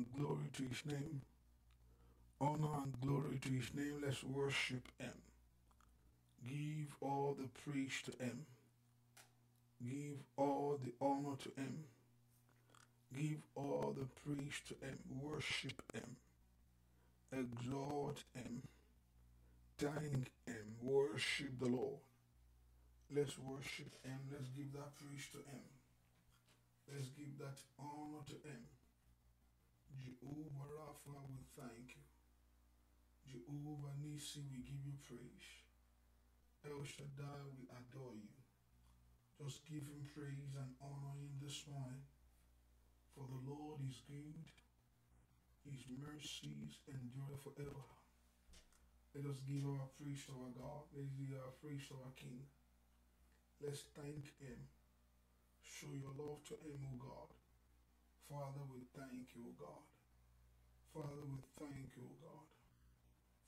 and glory to his name. Honor and glory to his name. Let's worship him. Give all the praise to him. Give all the honor to him. Give all the praise to him. Worship him. Exalt him. Thank him. Worship the Lord. Let's worship him. Let's give that praise to him. Let's give that honor to him. Jehovah Rapha, we thank you. Jehovah Nisi, we give you praise. El Shaddai, we adore you. Just give him praise and honor him this morning. For the Lord is good, his mercies endure forever. Let us give our praise to our God. Let us give our praise to our King. Let's thank him. Show your love to him, O God. Father, we thank you, O God. Father, we thank you, O God.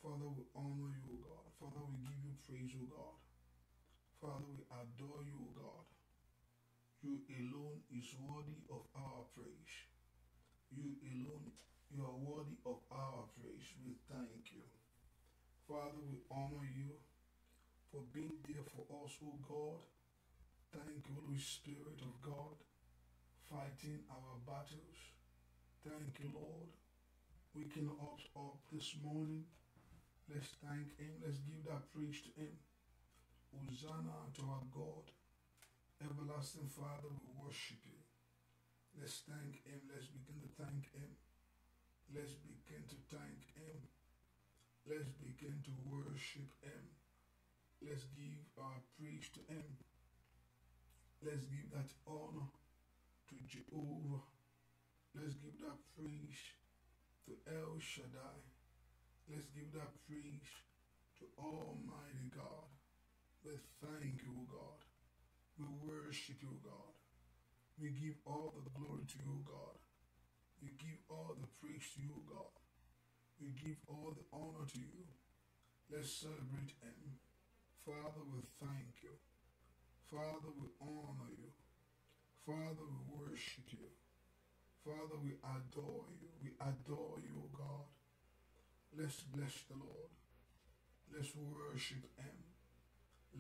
Father, we honor you, O God. Father, we give you praise, O God. Father, we adore you, O God. You alone is worthy of our praise. You alone, you are worthy of our praise. We thank you. Father, we honor you for being there for us, O God. Thank you, Holy Spirit of God fighting our battles. Thank you, Lord. Waking up, up this morning. Let's thank Him. Let's give that praise to Him. Hosanna to our God. Everlasting Father, we worship you. Let's thank Him. Let's begin to thank Him. Let's begin to thank Him. Let's begin to worship Him. Let's give our praise to Him. Let's give that honor to Jehovah. Let's give that praise to El Shaddai. Let's give that praise to Almighty God. We thank you, o God. We worship you, o God. We give all the glory to you, o God. We give all the praise to you, o God. We give all the honor to you. Let's celebrate Him. Father, we thank you. Father, we honor you. Father, we worship you. Father, we adore you. We adore you, God. Let's bless the Lord. Let's worship him.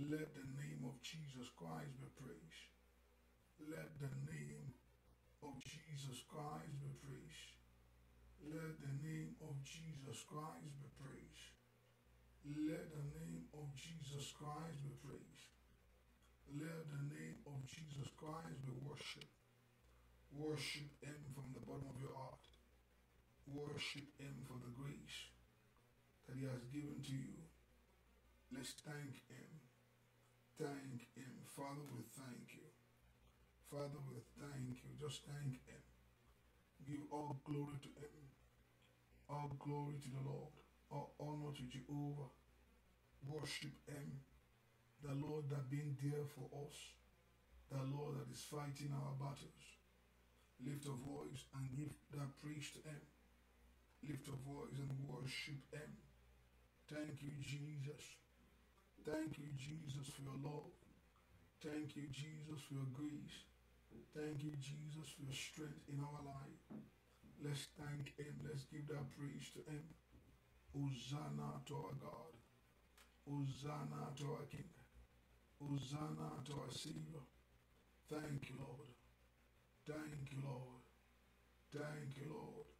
Let the name of Jesus Christ be praised. Let the name of Jesus Christ be praised. Let the name of Jesus Christ be praised. Let the name of Jesus Christ be praised. Let the name of Jesus Christ be worshipped. Worship Him from the bottom of your heart. Worship Him for the grace that He has given to you. Let's thank Him. Thank Him. Father, we thank you. Father, we thank you. Just thank Him. Give all glory to Him. All glory to the Lord. All honor to Jehovah. Worship Him the Lord that been there for us, the Lord that is fighting our battles. Lift a voice and give that praise to Him. Lift a voice and worship Him. Thank you, Jesus. Thank you, Jesus, for your love. Thank you, Jesus, for your grace. Thank you, Jesus, for your strength in our life. Let's thank Him. Let's give that praise to Him. Hosanna to our God. Hosanna to our King. Hosanna to our Savior. Thank you, Lord. Thank you, Lord. Thank you, Lord.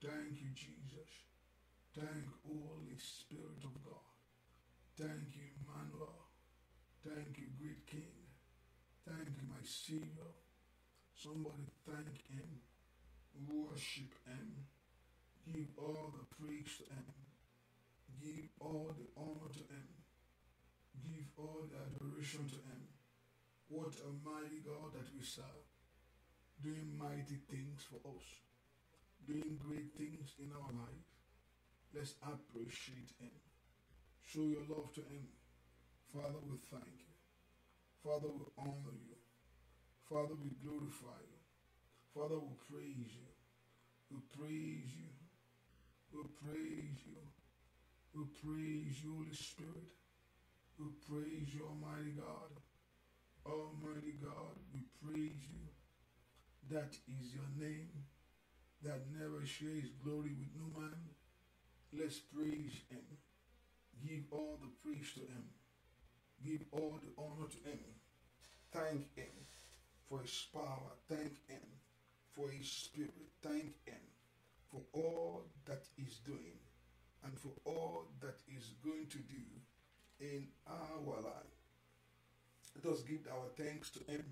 Thank you, Jesus. Thank Holy Spirit of God. Thank you, Emmanuel. Thank you, great King. Thank you, my Savior. Somebody thank Him. Worship Him. Give all the praise to Him. Give all the honor to Him give all the adoration to Him. What a mighty God that we serve, doing mighty things for us, doing great things in our life. Let's appreciate Him. Show your love to Him. Father, we thank you. Father, we honor you. Father, we glorify you. Father, we praise you. We praise you. We praise you. We praise you, Holy Spirit. We praise you, Almighty God. Almighty God, we praise you. That is your name that never shares glory with no man. Let's praise him. Give all the praise to him. Give all the honor to him. Thank him for his power. Thank him for his spirit. Thank him for all that he's doing and for all that he's going to do in our life. Let us give our thanks to Him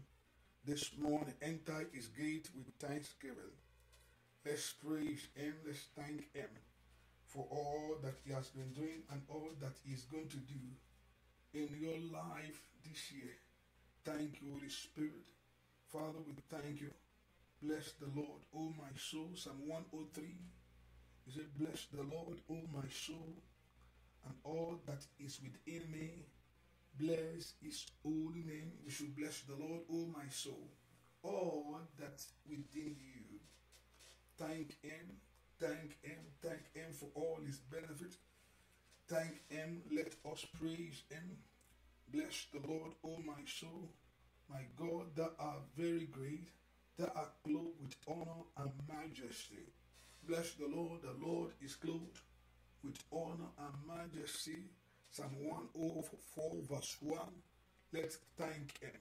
this morning. Enter His gate with thanksgiving. Let's praise Him. Let's thank Him for all that He has been doing and all that He is going to do in your life this year. Thank you, Holy Spirit. Father, we thank you. Bless the Lord, O my soul. Psalm 103. He said, Bless the Lord, O my soul and all that is within me. Bless his holy name. You should bless the Lord, O my soul. All that's within you. Thank him. Thank him. Thank him for all his benefits. Thank him. Let us praise him. Bless the Lord, O my soul. My God, that are very great, that are clothed with honor and majesty. Bless the Lord. The Lord is clothed with honor and majesty. Psalm 104, verse 1. Let's thank Him,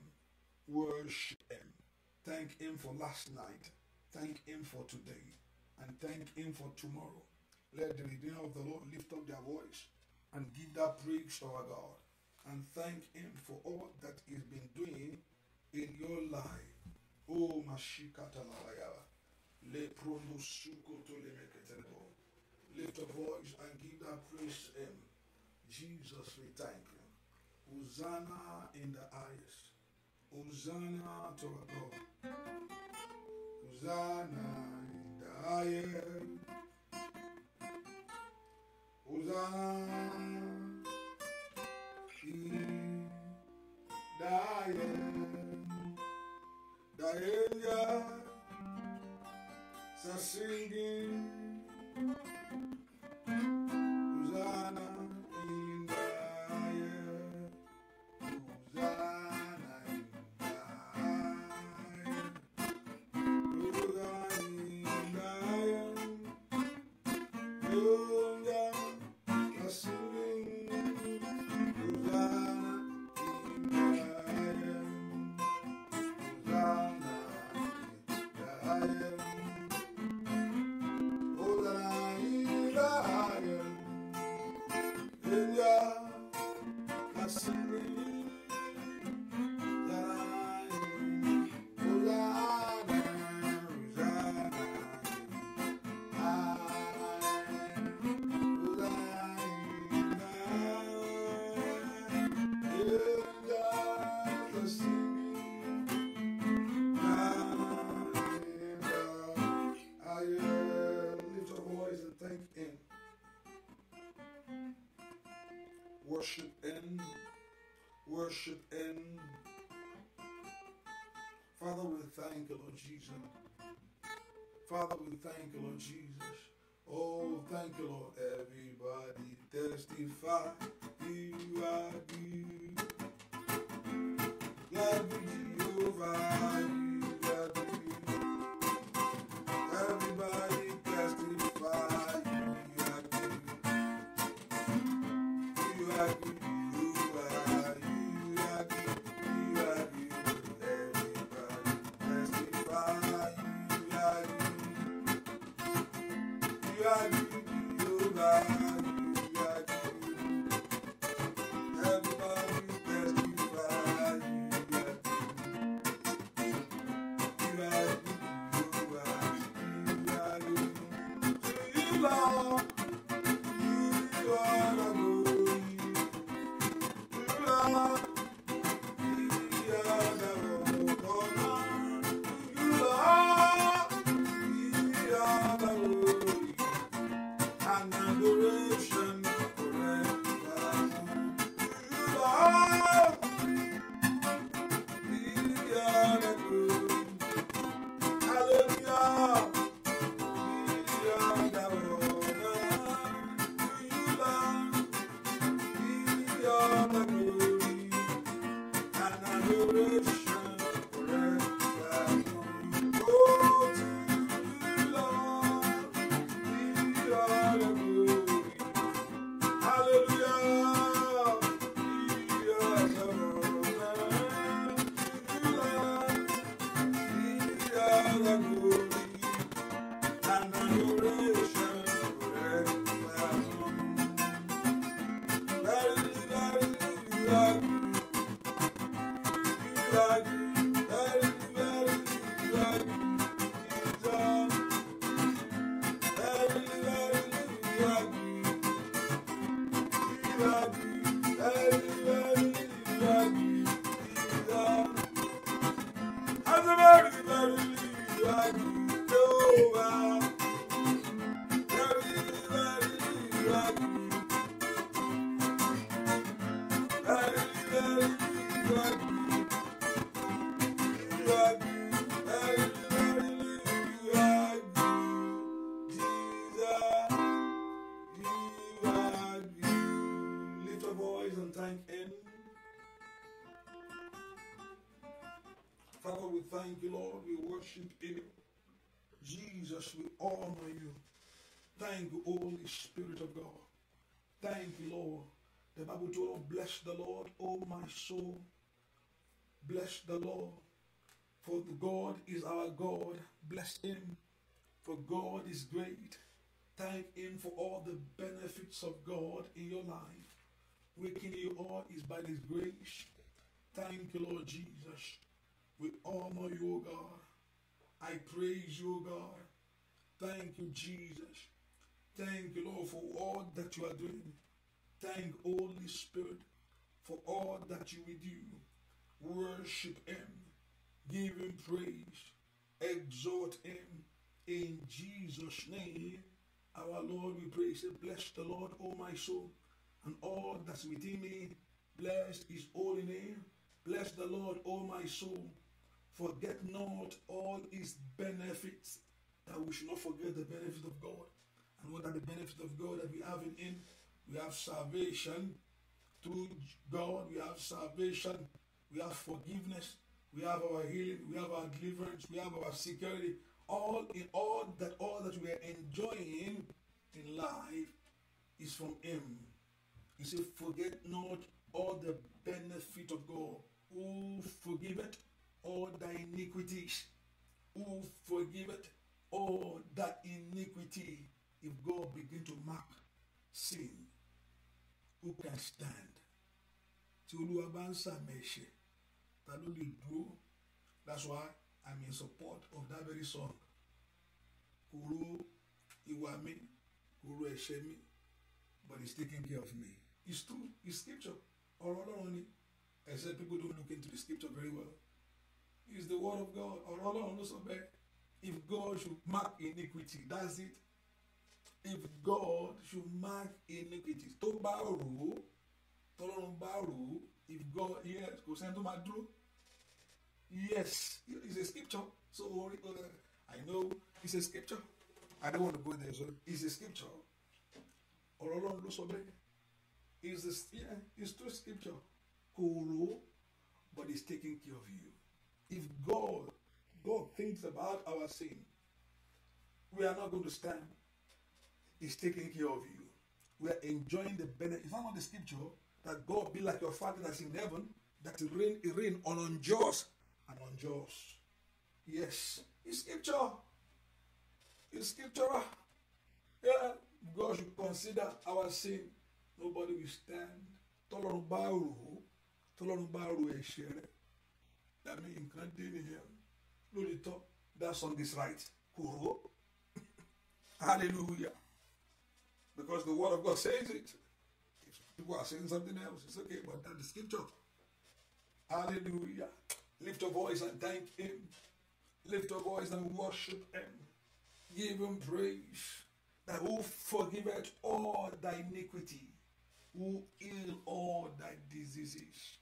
worship Him, thank Him for last night, thank Him for today, and thank Him for tomorrow. Let the redeemer of the Lord lift up their voice and give that praise to our God and thank Him for all that He's been doing in your life. Oh, Mashikata Lavayava, Le Pronosuko to Lemeketelebo. Lift a voice and give that praise to him. Jesus, we thank you. Hosanna in the highest. Hosanna to our God. Hosanna in the highest. Hosanna in the highest. The angels are singing. thank you, Lord Jesus. Father, we thank you, Lord Jesus. Oh, thank you, Lord. Everybody testify. The Bible us, bless the Lord, O my soul. Bless the Lord, for God is our God. Bless him, for God is great. Thank him for all the benefits of God in your life. Waking you all is by his grace. Thank you, Lord Jesus. We honor you, O God. I praise you, O God. Thank you, Jesus. Thank you, Lord, for all that you are doing. Thank Holy Spirit for all that you will do. Worship Him, give Him praise, exhort Him in Jesus' name. Our Lord, we pray, say, Bless the Lord, O my soul, and all that's within me. Bless His holy name. Bless the Lord, O my soul. Forget not all His benefits. That we should not forget the benefit of God. And what are the benefits of God that we have in Him? we have salvation through God, we have salvation, we have forgiveness, we have our healing, we have our deliverance, we have our security. All in all that all that we are enjoying in life is from Him. He said, Forget not all the benefit of God, who forgiveth all thy iniquities, who forgiveth all that iniquity. If God begin to mark sin, who can stand tí olúwa bá ń sàmì ẹ̀ṣẹ̀ ta ló lè dúró that's why i'm in support of that very song kò ro ìwà mi kò ro ẹ̀ṣẹ̀ mi but he's taking care of me it's true it's scripture ọ̀rọ̀ ọlọ́run ni except people don't look into the scripture very well it's the word of god ọ̀rọ̀ ọlọ́run ló sọ bẹ́ẹ̀ if god should mark iniquity that's it if God should mark iniquities tó bá rò ó tọ́lọ́run bá rò ó if God yes kò sẹ́ni tó máa dúró yes it's a scripture so uh, I know it's a scripture I don't want to go there so it's a scripture ọ̀rọ̀ ọlọ́run ló sọ bẹ́ẹ̀ it's the yeah, it's true scripture kò rò ó but it's taking care of you if God God thinks about our sin we are not going to stand is taking care of you. We are enjoying the benefit. Is that not the scripture that God be like your Father that's in heaven, that he reign, he reign on unjust and unjust? Yes, it's scripture. It's scripture. Yeah, God should consider our sin. Nobody will stand. Tọ́lọ́run bá rò ó, tọ́lọ́run bá rò ẹ̀ṣẹ̀ rẹ̀. Dàmí nǹkan dé nìyẹn. Lórí tọ́, that song is right. Hallelujah. because the word of God says it. If people are saying something else, it's okay, but that's the scripture. Hallelujah. Lift your voice and thank Him. Lift your voice and worship Him. Give Him praise. That who forgiveth all thy iniquity, who heal all thy diseases.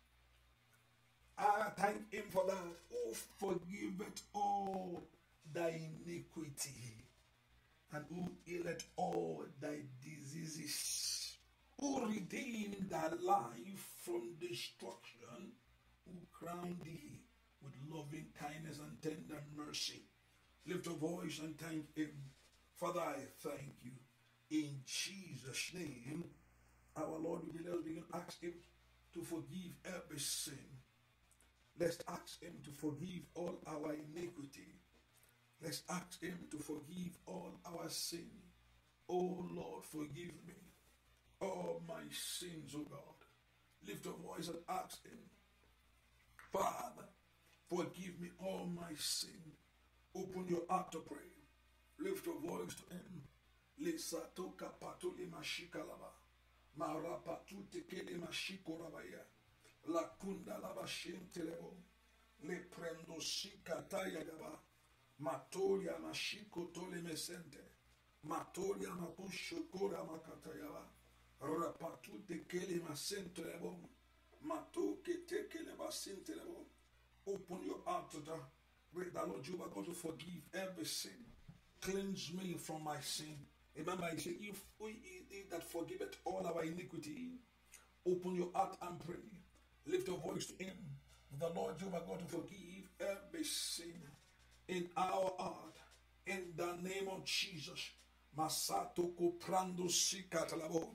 I thank Him for that. Who forgiveth all thy iniquity and who healed all thy diseases, who redeemed thy life from destruction, who crowned thee with loving kindness and tender mercy. Lift your voice and thank him. Father, I thank you. In Jesus' name, our Lord, we let us begin ask him to forgive every sin. Let's ask him to forgive all our iniquity Let's ask Him to forgive all our sin. Oh Lord, forgive me. All my sins, oh God. Lift your voice and ask Him, Father, forgive me all my sin. Open your heart to pray. Lift your voice to Him. Lesatoka patole mashikalaba. Marapatute kele mashikorabaya. Lakunda laba shentelebo. Le prendo sikataya gaba. Matolia mashiko tole mesente. Matolia mapusho kora rora Rapatu tekele masente lebo. Mato ke tekele masente lebo. Open your heart to that. Pray that Lord Jehovah going to forgive every sin. Cleanse me from my sin. Remember, he said, if we that forgiveth all our iniquity, open your heart and pray. Lift your voice to him. The Lord Jehovah going to forgive every sin in our heart. In the name of Jesus. Masato prando sikatalabo.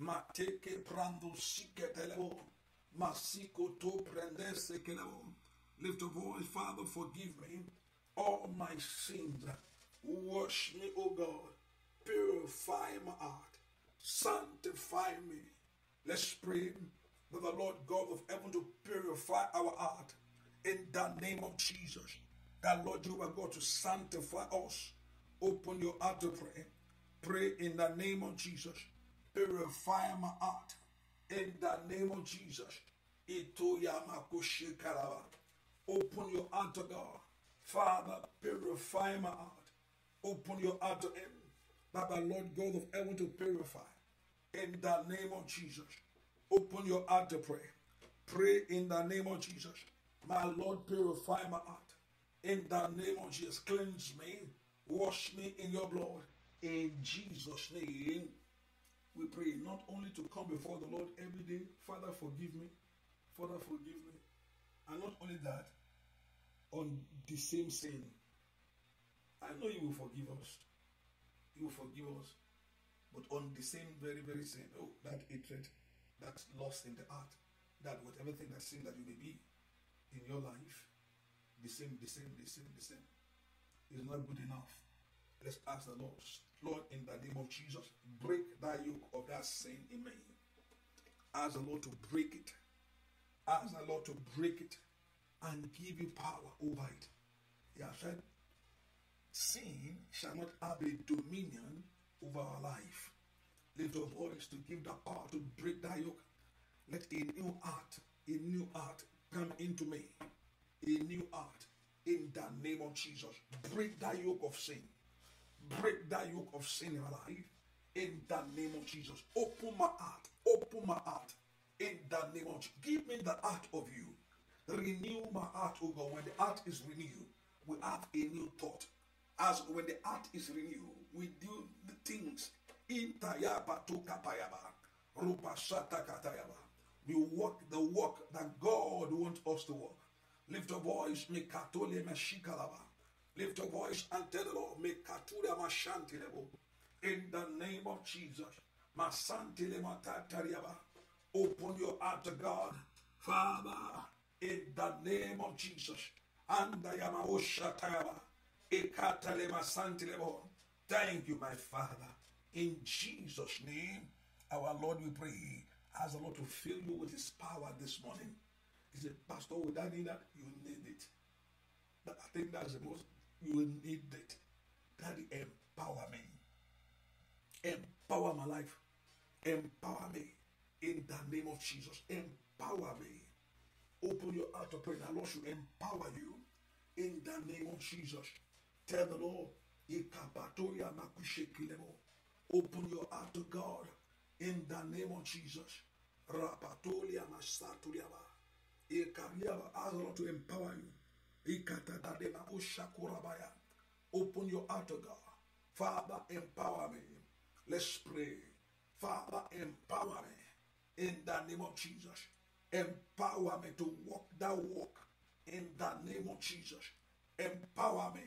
Mateke prando sikatalabo. Masiko to prendese kelabo. Lift a voice, Father, forgive me all my sins. Wash me, O God. Purify my heart. Sanctify me. Let's pray that the Lord God of heaven to purify our heart in the name of Jesus that Lord, you are going to sanctify us. Open your heart to pray. Pray in the name of Jesus. Purify my heart. In the name of Jesus. Open your heart to God. Father, purify my heart. Open your heart to Him. That the Lord God of heaven to purify. In the name of Jesus. Open your heart to pray. Pray in the name of Jesus. My Lord, purify my heart. In the name of Jesus, cleanse me, wash me in your blood. In Jesus' name, we pray not only to come before the Lord every day, Father, forgive me, Father, forgive me. And not only that, on the same sin, I know you will forgive us. You will forgive us. But on the same very, very sin, oh, that hatred, that loss in the heart, that whatever thing that sin that you may be in your life, the same, the same, the same, the same is not good enough. Let's ask the Lord, Lord, in the name of Jesus, break that yoke of that sin in me. Ask the Lord to break it. Ask the Lord to break it and give you power over it. He has said, Sin shall not have a dominion over our life. Lift your voice to give the power to break that yoke. Let a new heart, a new heart come into me a new heart in the name of Jesus. Break that yoke of sin. Break that yoke of sin in my life in the name of Jesus. Open my heart. Open my heart in the name of Jesus. Give me the heart of you. Renew my heart, oh God. When the heart is renewed, we have a new thought. As when the heart is renewed, we do the things. Intayaba to kapayaba. Rupa shata katayaba. We walk the walk that God wants us to walk. Lift your voice, Mikatole Meshikalaba. Lift your voice and tell the Lord, Mekatura Mashantilebo. In the name of Jesus. Masantile Matatariaba. Open your heart to God. Father, in the name of Jesus. Andayama Oshatayaba. Ekatale lebo. Thank you, my Father. In Jesus' name, our Lord, we pray. Has the Lord to fill you with His power this morning. He said, Pastor, without that, you need it. But I think that's the most, you need it. Daddy, empower me. Empower my life. Empower me. In the name of Jesus, empower me. Open your heart to pray. The Lord should empower you. In the name of Jesus. Tell the Lord, open your heart to God. In the name of Jesus. Rapatolia Masatuliaba. A career Ask Lord to empower you. E Open your heart to God. Father, empower me. Let's pray. Father, empower me. In the name of Jesus. Empower me to walk that walk. In the name of Jesus. Empower me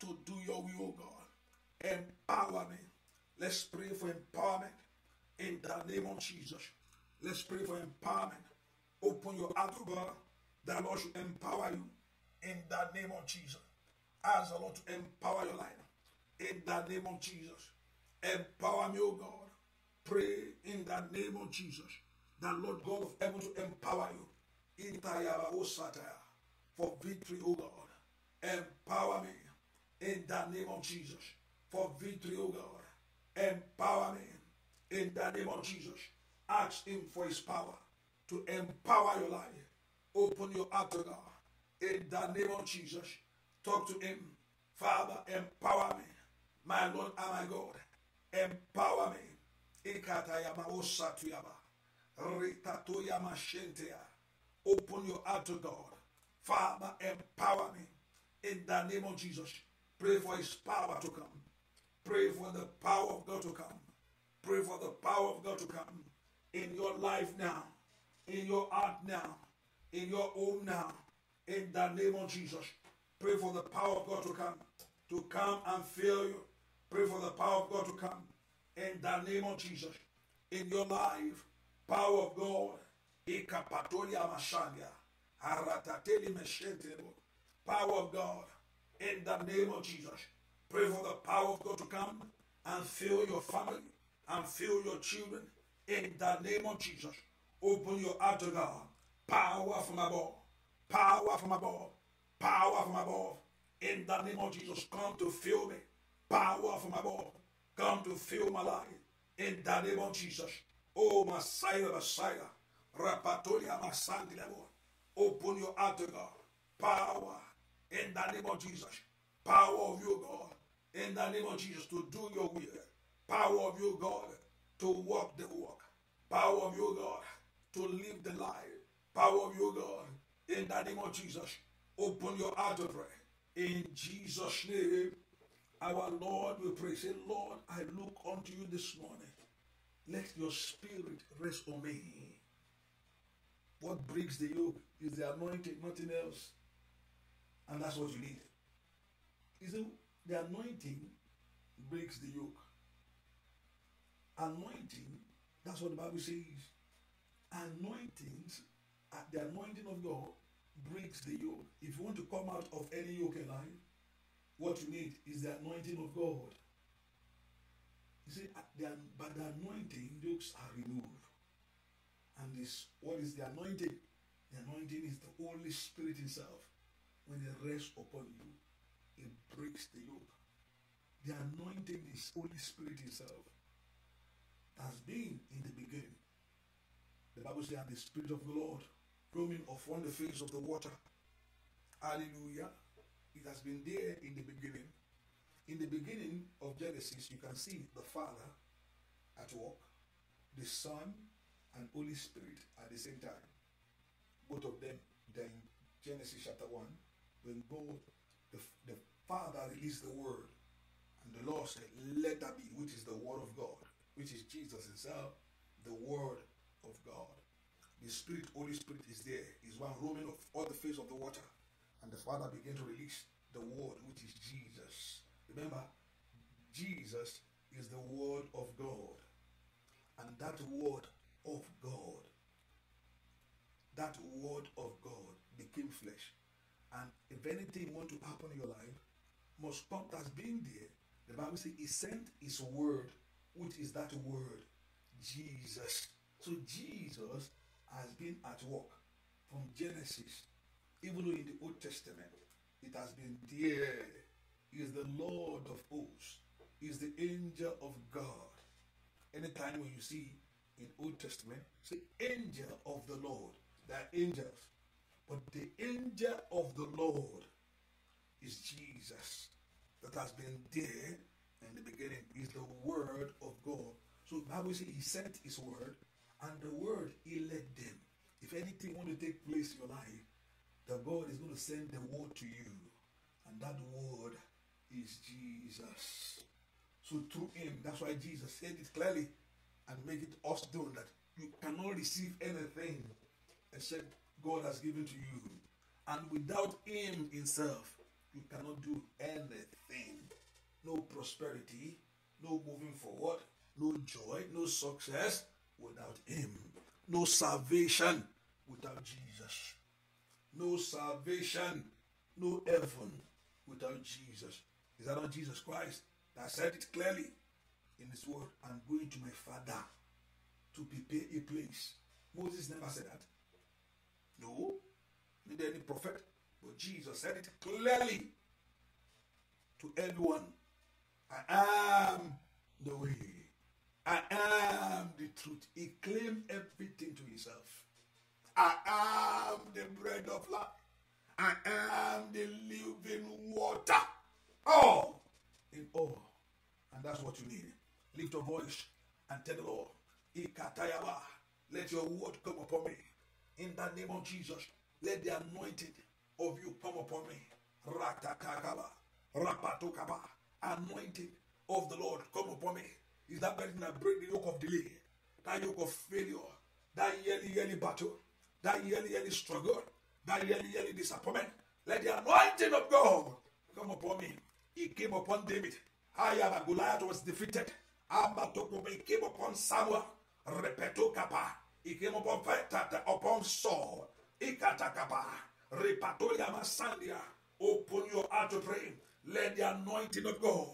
to do your will, God. Empower me. Let's pray for empowerment. In the name of Jesus. Let's pray for empowerment. Open your heart to God. The Lord should empower you in the name of Jesus. Ask the Lord to empower your life in the name of Jesus. Empower me, O God. Pray in the name of Jesus. The Lord God of heaven to empower you. O For victory, O God. Empower me in the name of Jesus. For victory, O God. Empower me in the name of Jesus. Ask Him for His power. to empower your life. Open your heart to God. In the name of Jesus, talk to Him. Father, empower me. My Lord and my God, empower me. Open your heart to God. Father, empower me. In the name of Jesus, pray for His power to come. Pray for the power of God to come. Pray for the power of God to come in your life now in your heart now, in your home now, in the name of Jesus. Pray for the power of God to come, to come and fill you. Pray for the power of God to come in the name of Jesus. In your life, power of God, power of God, in the name of Jesus. Pray for the power of God to come and fill your family and fill your children in the name of Jesus. Open your heart to God. Power from above. Power from above. Power from above. In the name of Jesus, come to fill me. Power from above. Come to fill my life. In the name of Jesus. Oh, Messiah, Messiah. Rapatoria, Messiah. Open your heart to God. Power. In the name of Jesus. Power of you, God. In the name of Jesus, to do your will. Power of you, God. To walk the walk. Power of you, God to live the life. Power of your God. In the name of Jesus, open your heart of prayer In Jesus' name, our Lord we pray. Say, Lord, I look unto you this morning. Let your spirit rest on me. What breaks the yoke is the anointing, nothing else. And that's what you need. Is not the anointing breaks the yoke. Anointing, that's what the Bible says anointings, uh, the anointing of God breaks the yoke. If you want to come out of any yoke in what you need is the anointing of God. You see, uh, by the anointing, yokes are removed. And this, what is the anointing? The anointing is the Holy Spirit Himself. When it rests upon you, it breaks the yoke. The anointing is Holy Spirit Himself. Has been in the beginning the Bible says, and the Spirit of the Lord roaming upon the face of the water. Hallelujah. It has been there in the beginning. In the beginning of Genesis, you can see the Father at work, the Son, and Holy Spirit at the same time. Both of them, then Genesis chapter 1, when both the, the Father released the word, and the Lord said, Let that be, which is the word of God, which is Jesus Himself, the word of God. The Spirit, Holy Spirit is there, is one roaming of all the face of the water. And the Father began to release the word, which is Jesus. Remember, Jesus is the word of God. And that word of God, that word of God became flesh. And if anything want to happen in your life, must stop that's been there. The Bible says he sent his word, which is that word, Jesus. So Jesus has been at work from Genesis, even though in the Old Testament it has been there. He is the Lord of hosts, he is the angel of God. Anytime when you see in Old Testament, say angel of the Lord, they are angels. But the angel of the Lord is Jesus that has been there in the beginning, is the word of God. So Bible says he sent his word and the word, he led them. If anything want to take place in your life, the God is going to send the word to you. And that word is Jesus. So through him, that's why Jesus said it clearly and make it us known that you cannot receive anything except God has given to you. And without him himself, you cannot do anything. No prosperity, no moving forward, no joy, no success, without Him. No salvation without Jesus. No salvation, no heaven without Jesus. Is that not Jesus Christ that said it clearly in His word? I'm going to my Father to prepare a place. Moses never said that. No, neither any prophet, but Jesus said it clearly to everyone. I am the way. I am the truth. He claimed everything to himself. I am the bread of life. I am the living water. All oh, in all. And that's what you need. Lift your voice and tell the Lord, Ikatayawa. let your word come upon me. In the name of Jesus, let the anointed of you come upon me. Ratakakaba, Rapatukaba, Anointed of the Lord come upon me. is that burden that break the yoke of delay, that yoke of failure, that yearly, yearly battle, that yearly, yearly struggle, that yearly, yearly disappointment. Let the anointing of God come upon me. He came upon David. I am a Goliath was defeated. He came upon Samuel. Repeto kapa. He came upon upon Saul. Ikata kapa. Repatolia masandia. Open your heart to pray. Let the anointing of God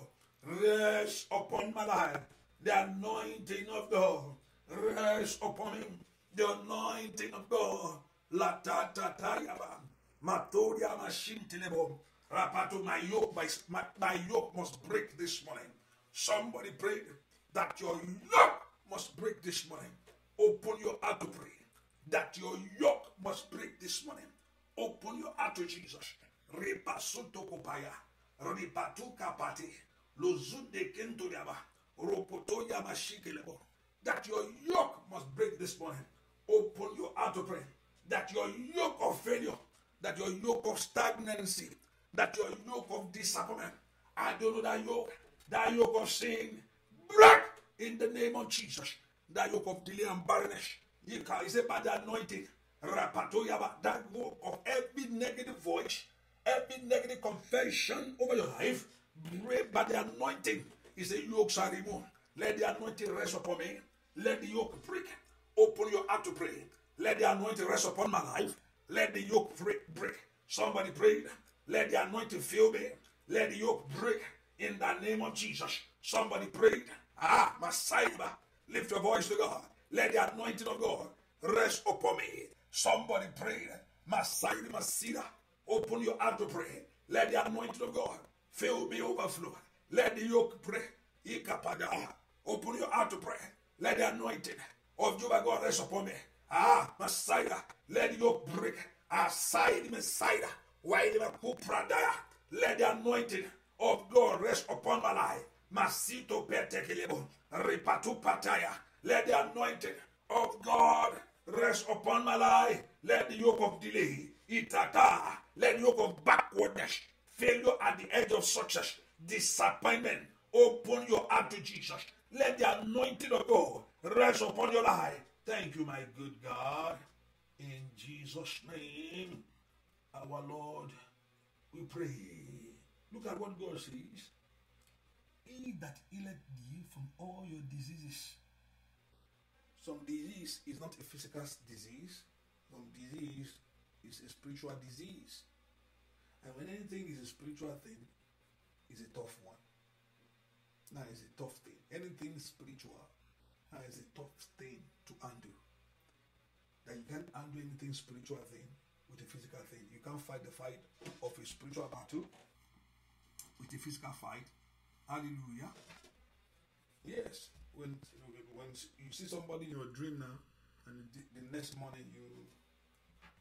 rest upon my life. The anointing of God rest upon him. The anointing of God. La ta ta ta yaba. Matoria machine telebo. Rapato, my yoke, my, my, my yoke must break this morning. Somebody pray that your yoke must break this morning. Open your heart to pray that your yoke must break this morning. Open your heart to Jesus. Repasuto kopaya, repatu kapate, lozunde kento yaba. That your yoke must break this morning. Open your heart to pray. That your yoke of failure, that your yoke of stagnancy, that your yoke of disappointment, I don't know that yoke, that yoke of sin, break in the name of Jesus. That yoke of delay and barrenness. You can say by the anointing, rapatoyaba, that yoke of every negative voice, every negative confession over your life, break by the anointing. Is the yoke are removed. Let the anointing rest upon me. Let the yoke break. Open your heart to pray. Let the anointing rest upon my life. Let the yoke break. break. Somebody pray. Let the anointing fill me. Let the yoke break in the name of Jesus. Somebody pray. Ah, my side. Lift your voice to God. Let the anointing of God rest upon me. Somebody pray. My side, my cedar. Open your heart to pray. Let the anointing of God fill me overflow. Let the yoke pray. Open your heart to pray. Let the anointing of Jehovah God rest upon me. Ah, Messiah, let the yoke break. Aside ah, Messiah, Why while Pradaya, let the anointing of God rest upon my life. Masito ripatu pataya. Let the anointing of God rest upon my life. Let the yoke of delay, itata, let the yoke of backwardness, failure at the edge of success, disappointment. Open your heart to Jesus. Let the anointing of God rest upon your life. Thank you, my good God. In Jesus' name, our Lord, we pray. Look at what God says. He that healeth you from all your diseases. Some disease is not a physical disease. Some disease is a spiritual disease. And when anything is a spiritual thing, is a tough one. That is a tough thing. Anything spiritual, that is a tough thing to undo. That you can't undo anything spiritual thing with a physical thing. You can't fight the fight of a spiritual battle with a physical fight. Hallelujah. Yes, when when you see somebody in your dream now, and the, next morning you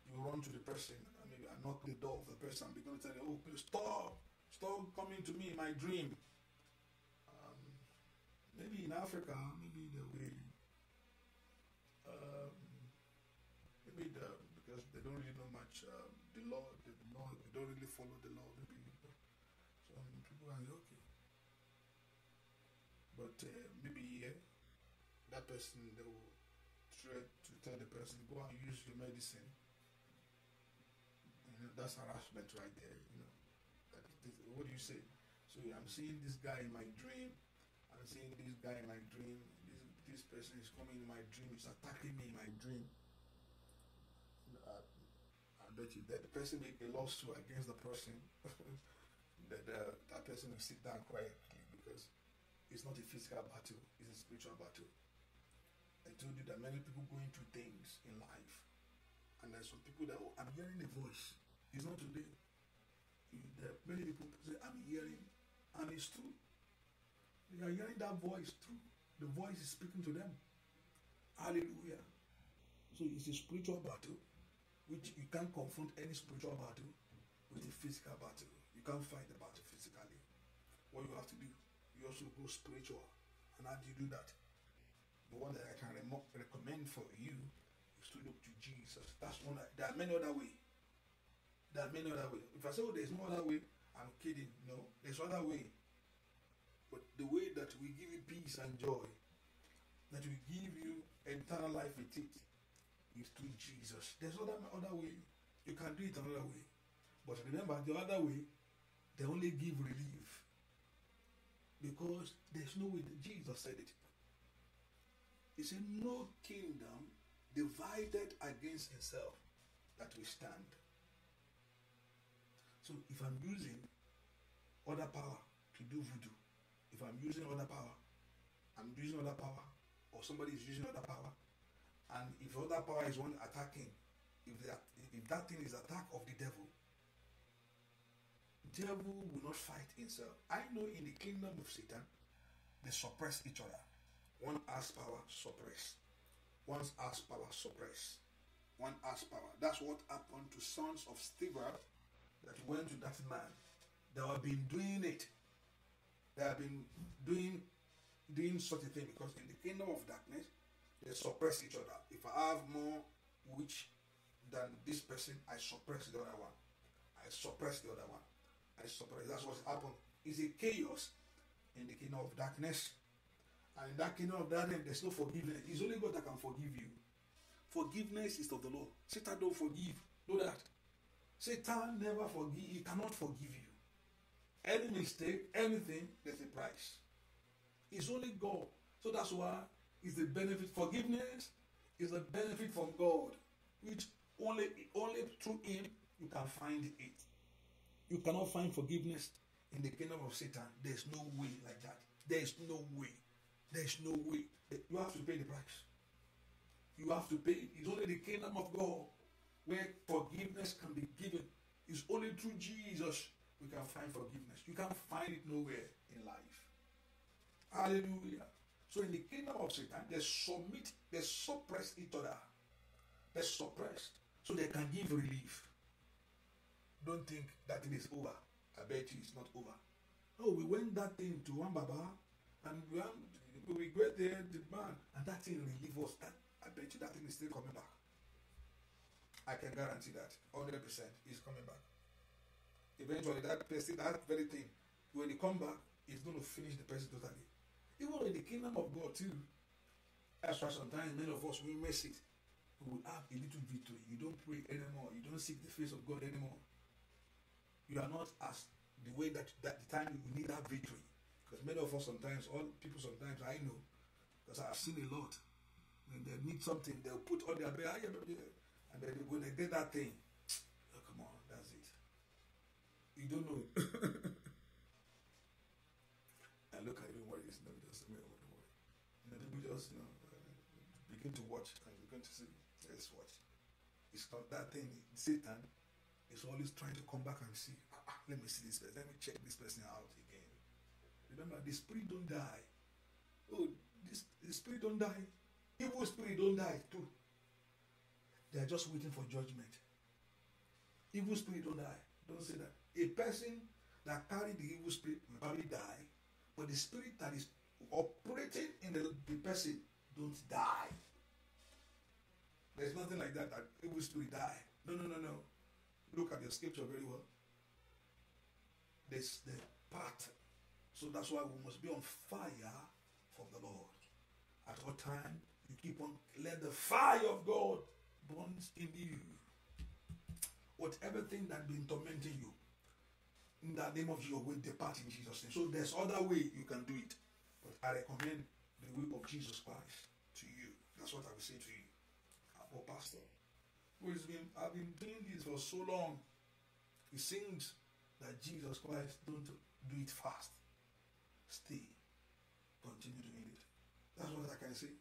you run to the person and maybe knock the door of the person and begin to tell you, oh, please stop stop coming to me in my dream. Um, maybe in Africa, maybe the way, um, maybe the, because they don't really know much um, the law, they, know, they don't really follow the law. Maybe so people are okay, but uh, maybe yeah, that person they will try to tell the person go and use your medicine. that's harassment right there what do you say? So I'm seeing this guy in my dream. I'm seeing this guy in my dream. This this person is coming in my dream. He's attacking me in my dream. I, uh, I bet you that the person make a lawsuit against the person. that uh, that person will sit down quietly because it's not a physical battle. It's a spiritual battle. I told you that many people going through things in life, and there's some people that oh, I'm hearing a voice. It's not today. The many people say, I'm hearing, and it's true. They are hearing that voice true. The voice is speaking to them. Hallelujah. So it's a spiritual battle which you can't confront any spiritual battle with a physical battle. You can't fight the battle physically. What you have to do, you also go spiritual. And how do you do that? The one that I can recommend for you is to look to Jesus. That's one. That, there are many other ways There are many other ways. If I say, oh, there's no other way, I'm kidding. No, there's other way. But the way that we give you peace and joy, that we give you eternal life with it, is through Jesus. There's other other way. You can do it another way. But remember, the other way, they only give relief. Because there's no way that Jesus said it. He said, No kingdom divided against itself that will stand. So if I'm using other power to do voodoo, if I'm using other power, I'm using other power, or somebody is using other power, and if other power is one attacking, if that if that thing is attack of the devil, devil will not fight himself. I know in the kingdom of Satan, they suppress each other. One has power, suppress. One has power, suppress. One has power. That's what happened to sons of Stephen that went to that man They have been doing it, They have been doing doing such a thing because in the kingdom of darkness they suppress each other. If I have more witch than this person, I suppress the other one. I suppress the other one. I suppress. That's what's happened. It's a chaos in the kingdom of darkness. And in that kingdom of darkness, there's no forgiveness. It's only God that can forgive you. Forgiveness is of the Lord. Satan don't forgive. Know that. Satan never forgive, he cannot forgive you. Any mistake, anything, there's a price. It's only God. So that's why it's a benefit. Forgiveness is a benefit from God, which only only through him you can find it. You cannot find forgiveness in the kingdom of Satan. There's no way like that. There's no way. There's no way. You have to pay the price. You have to pay. It's only the kingdom of God where forgiveness can be given is only through Jesus we can find forgiveness. You can't find it nowhere in life. Hallelujah. So in the kingdom of Satan, they submit, they suppress each other. They're suppressed. So they can give relief. Don't think that it is over. I bet you it's not over. No, oh, we went that thing to one Baba and we regret the, the man and that thing relieved us. That, I bet you that thing is still coming back. I can guarantee that 100% is coming back. Eventually, that person, that very thing, when he come back, it's going to finish the person totally. Even in the kingdom of God too, that's why sometimes many of us we miss it. We will have a little victory. You don't pray anymore. You don't seek the face of God anymore. You are not as the way that that the time you need that victory. Because many of us sometimes, all people sometimes I know, because I have seen a lot. When they need something, they'll put on their bed and then you go negate that thing. Oh, come on, that's it. You don't know And look at you and worry, it's not just me, I wouldn't worry. And then people just, you know, begin to watch and begin to see, let's watch. It's not that thing, Satan is always trying to come back and see, ah, ah, let me see this person, let me check this person out again. Remember, the spirit don't die. Oh, this, the spirit don't die. Evil spirit don't die too. They are just waiting for judgment. Evil spirit don't die. Don't say that. A person that carried the evil spirit probably die, but the spirit that is operating in the, the person don't die. There's nothing like that that evil spirit die. No, no, no, no. Look at the scripture very well. This the path. So that's why we must be on fire for the Lord. At all time, you keep on let the fire of God bonds in you. Whatever thing that's been tormenting you, in the name of Jesus, will depart in Jesus' name. So there's other way you can do it. But I recommend the way of Jesus Christ to you. That's what I will say to you. Our pastor, who has been, I've been doing this for so long, he sings that Jesus Christ, don't do it fast. Stay. Continue doing it. That's what I can say.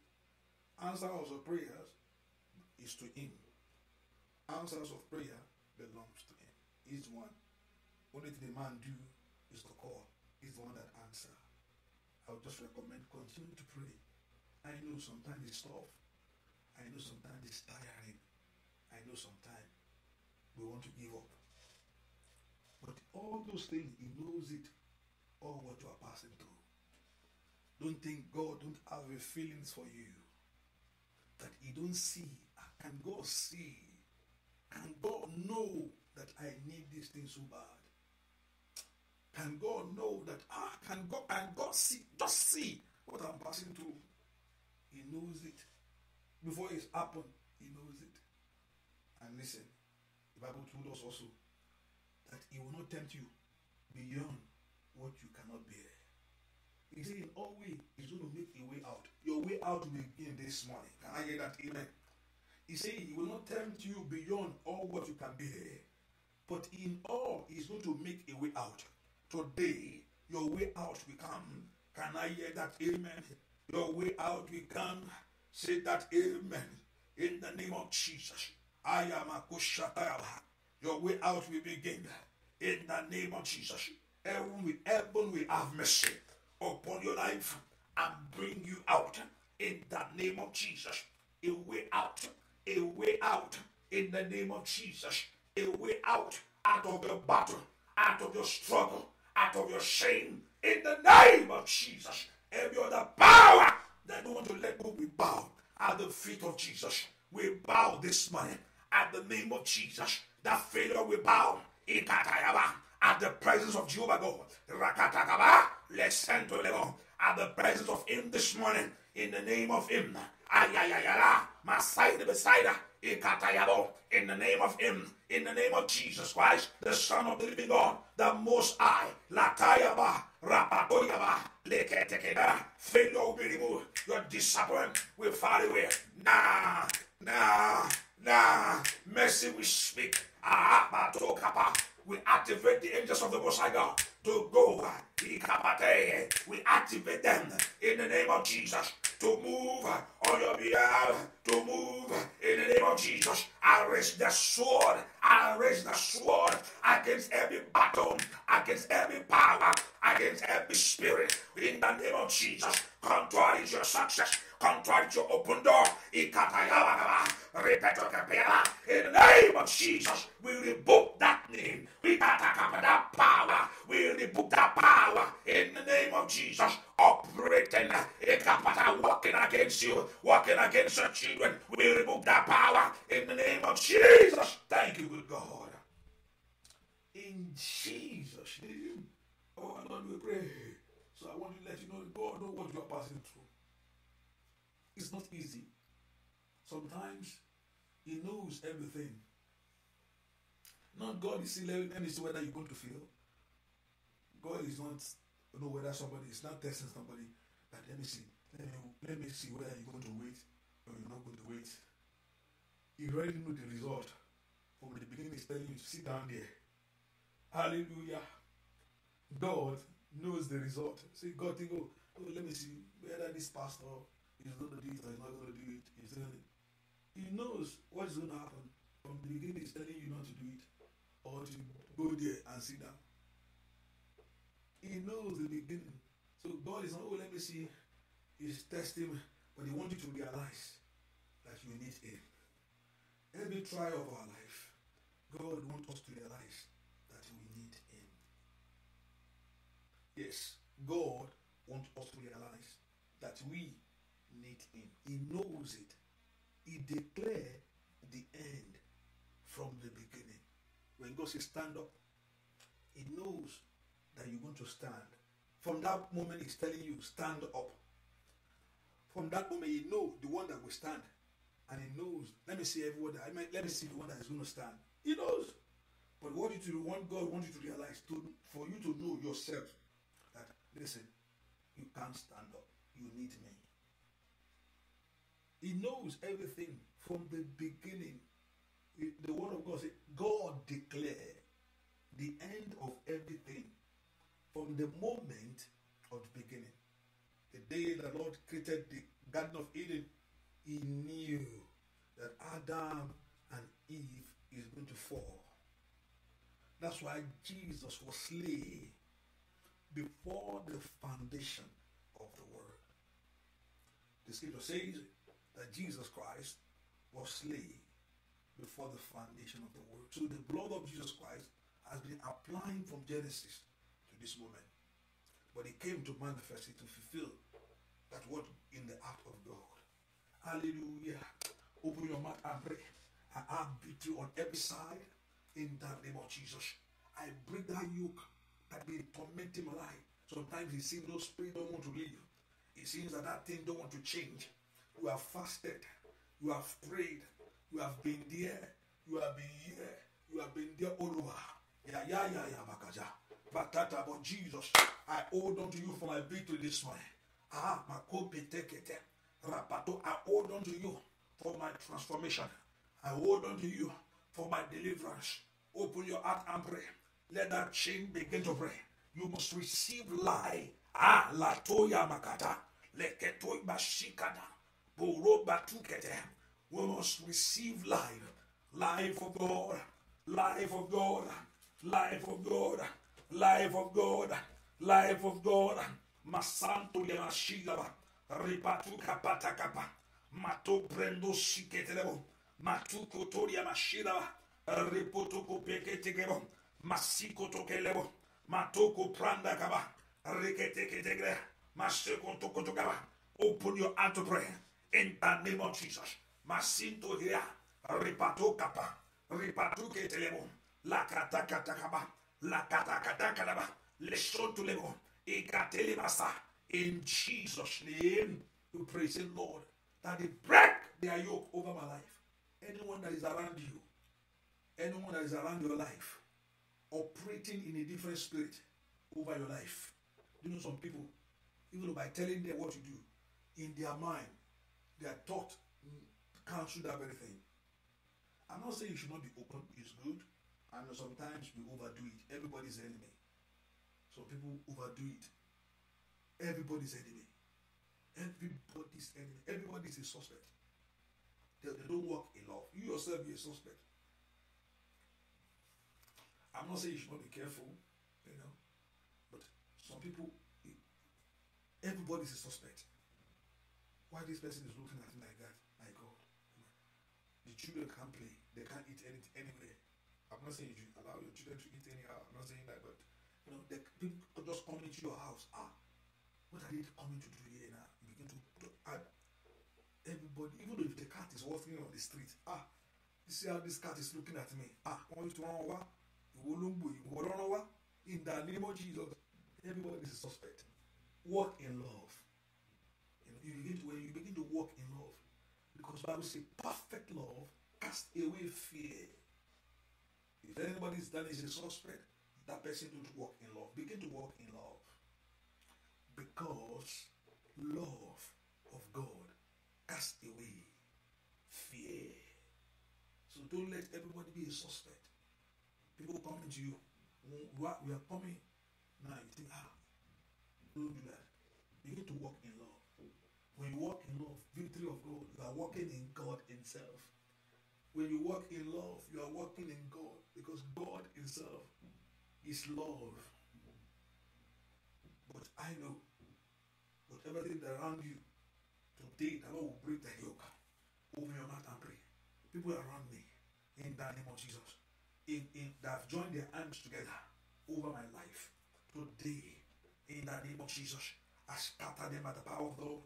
Answer also prayers is to Him. Answers of prayer belongs to Him. He's one. Only thing a man do is to call. He's the one that answer. I would just recommend continue to pray. I know sometimes it's tough. I know sometimes it's tiring. I know sometimes we want to give up. But all those things, He knows it, all what you are passing through. Don't think God don't have a feelings for you that He don't see and God see and God know that I need this thing so bad? Can God know that ah can God and God see just see what I'm passing through? He knows it. Before it's happened, he knows it. And listen, the Bible told us also that he will not tempt you beyond what you cannot bear. He said in all way, he's going to make a way out. Your way out will begin this morning. Can I hear that? Amen. He said he will not tempt you beyond all what you can bear. But in all, he's going to make a way out. Today, your way out will come. Can I hear that? Amen. Your way out will come. Say that amen. In the name of Jesus. I am a Kushataya. Your way out will begin. In the name of Jesus. Heaven will, heaven will have mercy upon your life and bring you out. In the name of Jesus. A way out a way out in the name of Jesus. A way out out of your battle, out of your struggle, out of your shame. In the name of Jesus. Every other power that do want to let go be bowed at the feet of Jesus. We bow this morning at the name of Jesus. That failure we bow. Ikatayaba. At the presence of Jehovah God. Rakatakaba. Let's send to At the presence of Him this morning. In the name of Him in the name of Him, in the name of Jesus Christ, the Son of the Living God, the Most High, Latayaba, Rapatoyaba, Leketekeda, failure will be removed, your disappointment will fall away. Nah, nah, nah, mercy we speak. Ah, We activate the angels of the Most High God to go. We activate them in the name of Jesus to move on your behalf, to move in the name of Jesus. I raise the sword, I raise the sword against every battle, against every power, against every spirit in the name of Jesus. Control is your success contrary to open door. In the name of Jesus, we rebuke that name. We that power. We rebuke that power in the name of Jesus. Operating, walking against you, walking against your children. We rebuke that power in the name of Jesus. Thank you, good God. In Jesus' name. Oh, and Lord, we pray. So I want to let you know God knows what you are passing through. It's not easy. Sometimes He knows everything. Not God is still let me see whether you're going to fail. God is not know whether somebody is not testing somebody. But let me see. Let me, let me see whether you're going to wait or you're not going to wait. He already know the result. From the beginning, he's telling you to sit down there. Hallelujah. God knows the result. See, God think, go, oh, oh let me see whether this pastor he's going to do it or he's not going to do it. He's telling it. He knows what is going to happen. From the beginning, he's telling you not to do it or to go there and sit down. He knows the beginning. So God is not, oh, let me see. He's testing, but He wants you to realize that you need Him. Every trial of our life, God wants us to realize that we need Him. Yes, God wants us to realize that we need him. He knows it. He declared the end from the beginning. When God says stand up, he knows that you're going to stand. From that moment, he's telling you, stand up. From that moment, He know the one that will stand. And he knows, let me see everyone that I let me see the one that is going to stand. He knows. But what you want God wants you to realize to, for you to know yourself that listen, you can't stand up. You need me. He knows everything from the beginning. The word of God says, God declared the end of everything from the moment of the beginning. The day the Lord created the Garden of Eden, he knew that Adam and Eve is going to fall. That's why Jesus was slain before the foundation of the world. The scripture says that Jesus Christ was slain before the foundation of the world. So the blood of Jesus Christ has been applying from Genesis to this moment. But it came to manifest it to fulfill that word in the act of God. Hallelujah. Open your mouth and pray. I have victory on every side in the name of Jesus. I break that yoke that been tormenting my life. Sometimes it seems those spirits don't want to leave. It seems that that thing don't want to change. you have fasted, you have prayed, you have been there, you have been here, you have been there, all over. Yeah, yeah, yeah, yeah, Makaja. But that about Jesus, I hold on to you for my victory this morning. Ah, my Makobe Tekete. Rapato, I hold on to you for my transformation. I hold on to you for my deliverance. Open your heart and pray. Let that chain begin to pray. You must receive life. Ah, Latoya Makata. Leketoi Bashikada. We must receive life. Life of God. Life of God. Life of God. Life of God. Life of God. Masanto le mashigaba. Ripatu kapata kapa. Mato prendo shiketelebo. Matu kotoria mashiraba. Ripoto kopeketekebo. Masiko tokelebo. Matoko pranda kaba. Riketeketegre. Masiko tokotokaba. Open your heart to prayer. In the name of Jesus. Masinto hea. Ripato kapa. Ripato ketelemo. La kata kata kaba. La kata kata In Jesus' name. You praise the Lord. That they break their yoke over my life. Anyone that is around you. Anyone that is around your life. Operating in a different spirit over your life. You know some people, even by telling them what to do, in their mind, they are taught hmm, cancel that very thing. I'm not saying you should not be open, it's good. And sometimes we overdo it. Everybody's enemy. so people overdo it. Everybody's enemy. Everybody's enemy. Everybody's a suspect. They, they don't work in love. You yourself, be a suspect. I'm not saying you should not be careful, you know, but some people, everybody's a suspect why this person is looking at me like that my god the children can't play they can't eat anything anywhere i'm not saying you allow your children to eat anyhow i'm not saying that but you know they people just come into your house ah what are they coming to do here now you begin to, to add ah, everybody even though if the cat is walking on the street ah you see how this cat is looking at me ah wọn ti wọn wá ìwọ ló ń gbò ìwọ lọ́rọ́ wá in the name of jesus everybody is a suspect walk in love You begin to, when you begin to walk in love, because Bible says perfect love cast away fear. If anybody is is a suspect, that person don't walk in love. Begin to walk in love. Because love of God cast away fear. So don't let everybody be a suspect. People coming to you, we are coming now. You think, ah, don't do that. Begin to walk in love. When you walk in love, victory of God, you are walking in God Himself. When you walk in love, you are walking in God because God Himself is love. But I know with everything around you, today the Lord will break the yoke. Open your mouth and pray. People around me, in the name of Jesus, in, in, that have joined their hands together over my life, today, in the name of Jesus, I scatter them by the power of the Lord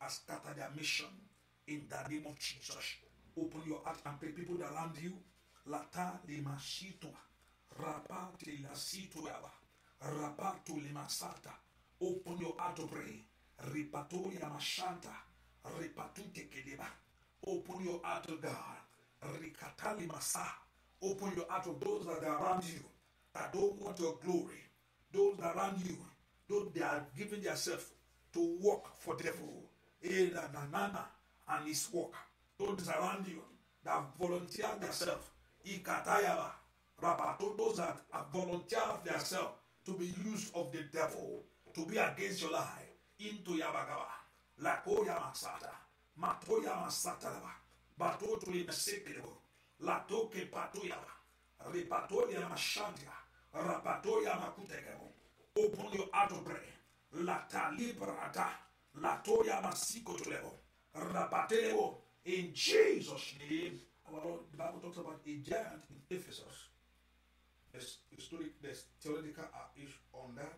has started their mission in the name of Jesus. Open your heart and pray people around you. Lata lima situa, rapate la situaba, rapato lima sata. Open your heart to pray. Ripatoria mashanta, ripatute kedeba. Open your heart to God. Rikatali masa. Open your heart to those that are around you that don't want your glory. Those that around you, those that are giving themselves to work for devil. Elananana and his work. Those around you that volunteer themselves. Ikatayaba. Rabba, those that have volunteered themselves to be used of the devil, to be against your life. Into Yabagawa. Lakoya Masata. Matoya Masataraba. Batoto Imesekiro. Latoke Patoyaba. Repatoya Mashandia. Rapatoya Makutegabo. Open your heart to pray. Latalibrata. Latoya Masikotolebo. Rapatelebo. In Jesus' name. Our Lord, the Bible talks about a giant in Ephesus. There's historic, there's theological uh, issue on that.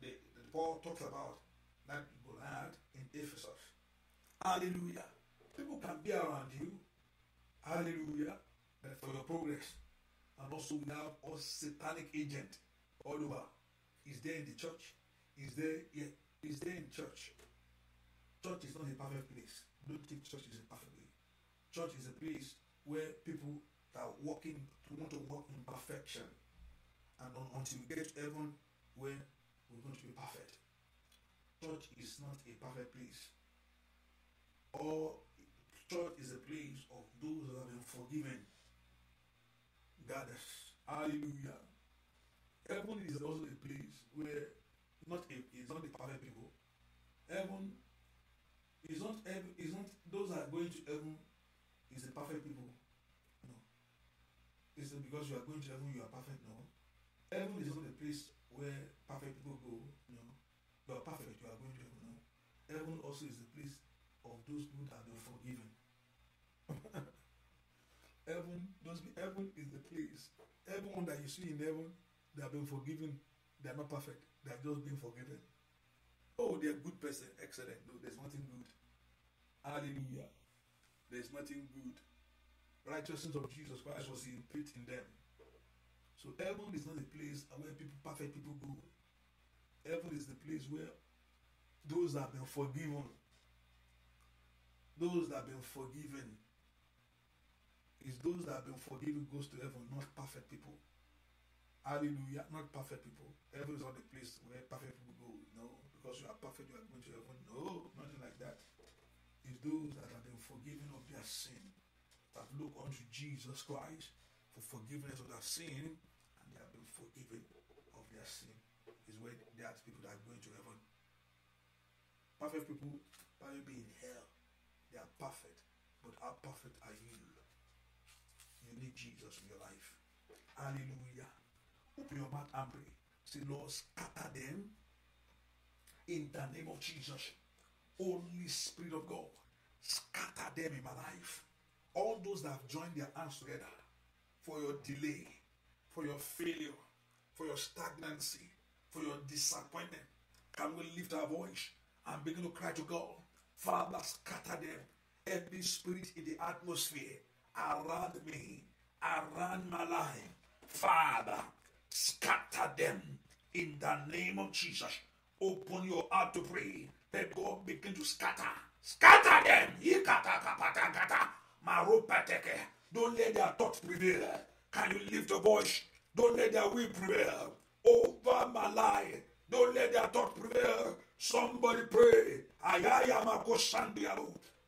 The, the Paul talks about that Goliath in Ephesus. Hallelujah. People can be around you. Hallelujah. And for your progress. And also now all satanic agent all over. Is there in the church? Is there yeah, is there in church? Church is not a perfect place. Don't think church is a perfect place. Church is a place where people are walking want to walk in perfection. And on, until we get to heaven, where we're going to be perfect. Church is not a perfect place. Or church is a place of those that have been forgiven. Gathers. Hallelujah. Heaven is also a place where not a, it's not a perfect people. Heaven Is not heaven, Is not those that are going to heaven is the perfect people. No. Is not because you are going to heaven, you are perfect. No. Heaven is not the place where perfect people go. No. You are perfect, you are going to heaven. No. Heaven also is the place of those who have been forgiven. heaven, those heaven is the place. Everyone that you see in heaven, they have been forgiven. They are not perfect. They have just been forgiven. Oh, they are good person. Excellent. No, there's nothing good. Hallelujah. There is nothing good. Righteousness of Jesus Christ was imputed in them. So heaven is not a place where people perfect people go. Heaven is the place where those that have been forgiven, those that have been forgiven, is those that have been forgiven goes to heaven, not perfect people. Hallelujah, not perfect people. Heaven is not the place where perfect people go. No, because you are perfect, you are going to heaven. No, nothing like that. is those that have been forgiven of their sin, that look unto Jesus Christ for forgiveness of their sin, and they have been forgiven of their sin. Is where there are people that are going to heaven. Perfect people probably be in hell. They are perfect, but how perfect are you? You need Jesus in your life. Hallelujah. Open your mouth and pray. Say, Lord, scatter them in the name of Jesus. Holy Spirit of God, scatter them in my life. All those that have joined their hands together for your delay, for your failure, for your stagnancy, for your disappointment. Can we lift our voice and begin to cry to God? Father, scatter them. Every spirit in the atmosphere around me, around my life. Father, scatter them in the name of Jesus. Open your heart to pray. But God begin to scatter. Scatter them. Don't let their thoughts prevail. Can you lift your voice? Don't let their will prevail. Over my life. Don't let their thought prevail. Somebody pray.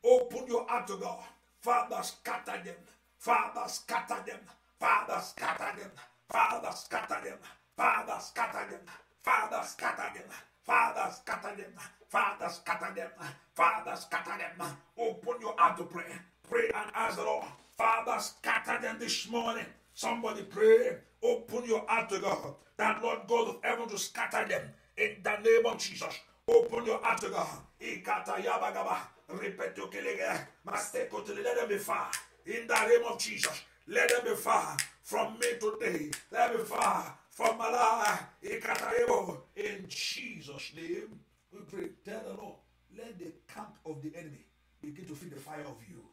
Open your heart to God. Father, scatter them. Father, scatter them. Father, scatter them. Father, scatter them. Father, scatter them. Father, scatter them. Father, scatter them. Father, scatter them. Father, scatter them. Father, scatter them. Open your heart to pray. Pray and ask the Lord. Father, scatter them this morning. Somebody pray. Open your heart to God. That Lord God of heaven to scatter them. In the name of Jesus. Open your heart to God. Ikata yabagaba. Repeto kelege. Master let them be far. In the name of Jesus. Let them be far from me today. Let them be far from my life. In Jesus' name. We pray, tell the Lord, let the camp of the enemy begin to feel the fire of you.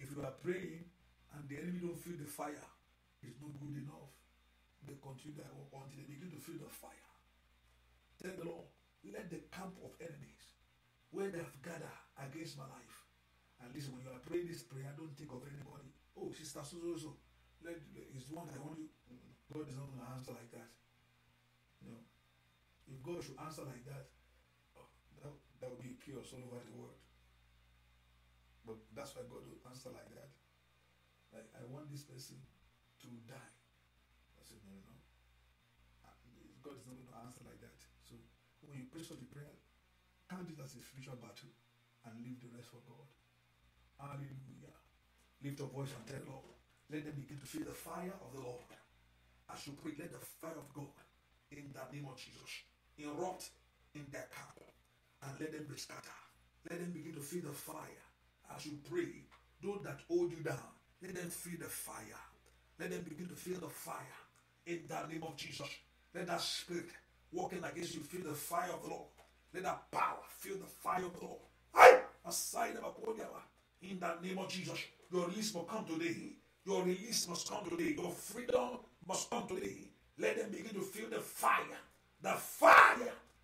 If you are praying and the enemy don't feel the fire, it's not good enough. They continue that until they begin to feel the fire. Tell the Lord, let the camp of enemies where they have gathered against my life. And listen, when you are praying this prayer, don't think of anybody. Oh, sister so so so. Let it's one that only God is not to answer like that. If God should answer like that, oh, that, that would be a chaos all over the world. But that's why God will answer like that. Like, I want this person to die. I said, no, no, no. God is not going to answer like that. So when you pray for the prayer, count it as a spiritual battle and leave the rest for God. Hallelujah. Lift your voice and tell Lord. Let them begin to feel the fire of the Lord. As you pray, let the fire of God in the name of Jesus in rot in their camp and let them be scattered. Let them begin to feel the fire as you pray. Those that hold you down, let them feel the fire. Let them begin to feel the fire in the name of Jesus. Let that spirit walking against you feel the fire of the Lord. Let that power feel the fire of the Lord. Aside of in the name of Jesus, your release must come today. Your release must come today. Your freedom must come today. Let them begin to feel the fire the fire,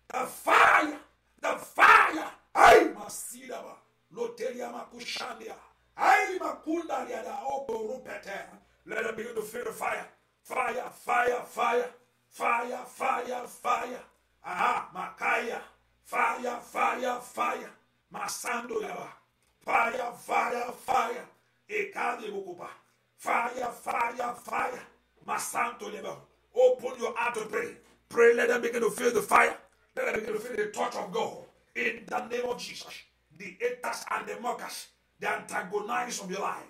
the fire, the fire. Ai masidaba, loteria makushandia. Ai makunda liada oko rupete. Let them begin to feel the fire. Fire, fire, fire, fire, fire, fire. Aha, makaya. Fire, fire, fire. Masando yaba. Fire, fire, fire. Ekadi bukuba. Fire, fire, fire. Masanto leba. Open your heart to pray. Pray, let them begin to feel the fire. Let them begin to feel the touch of God. In the name of Jesus, the haters and the mockers, the antagonists of your life,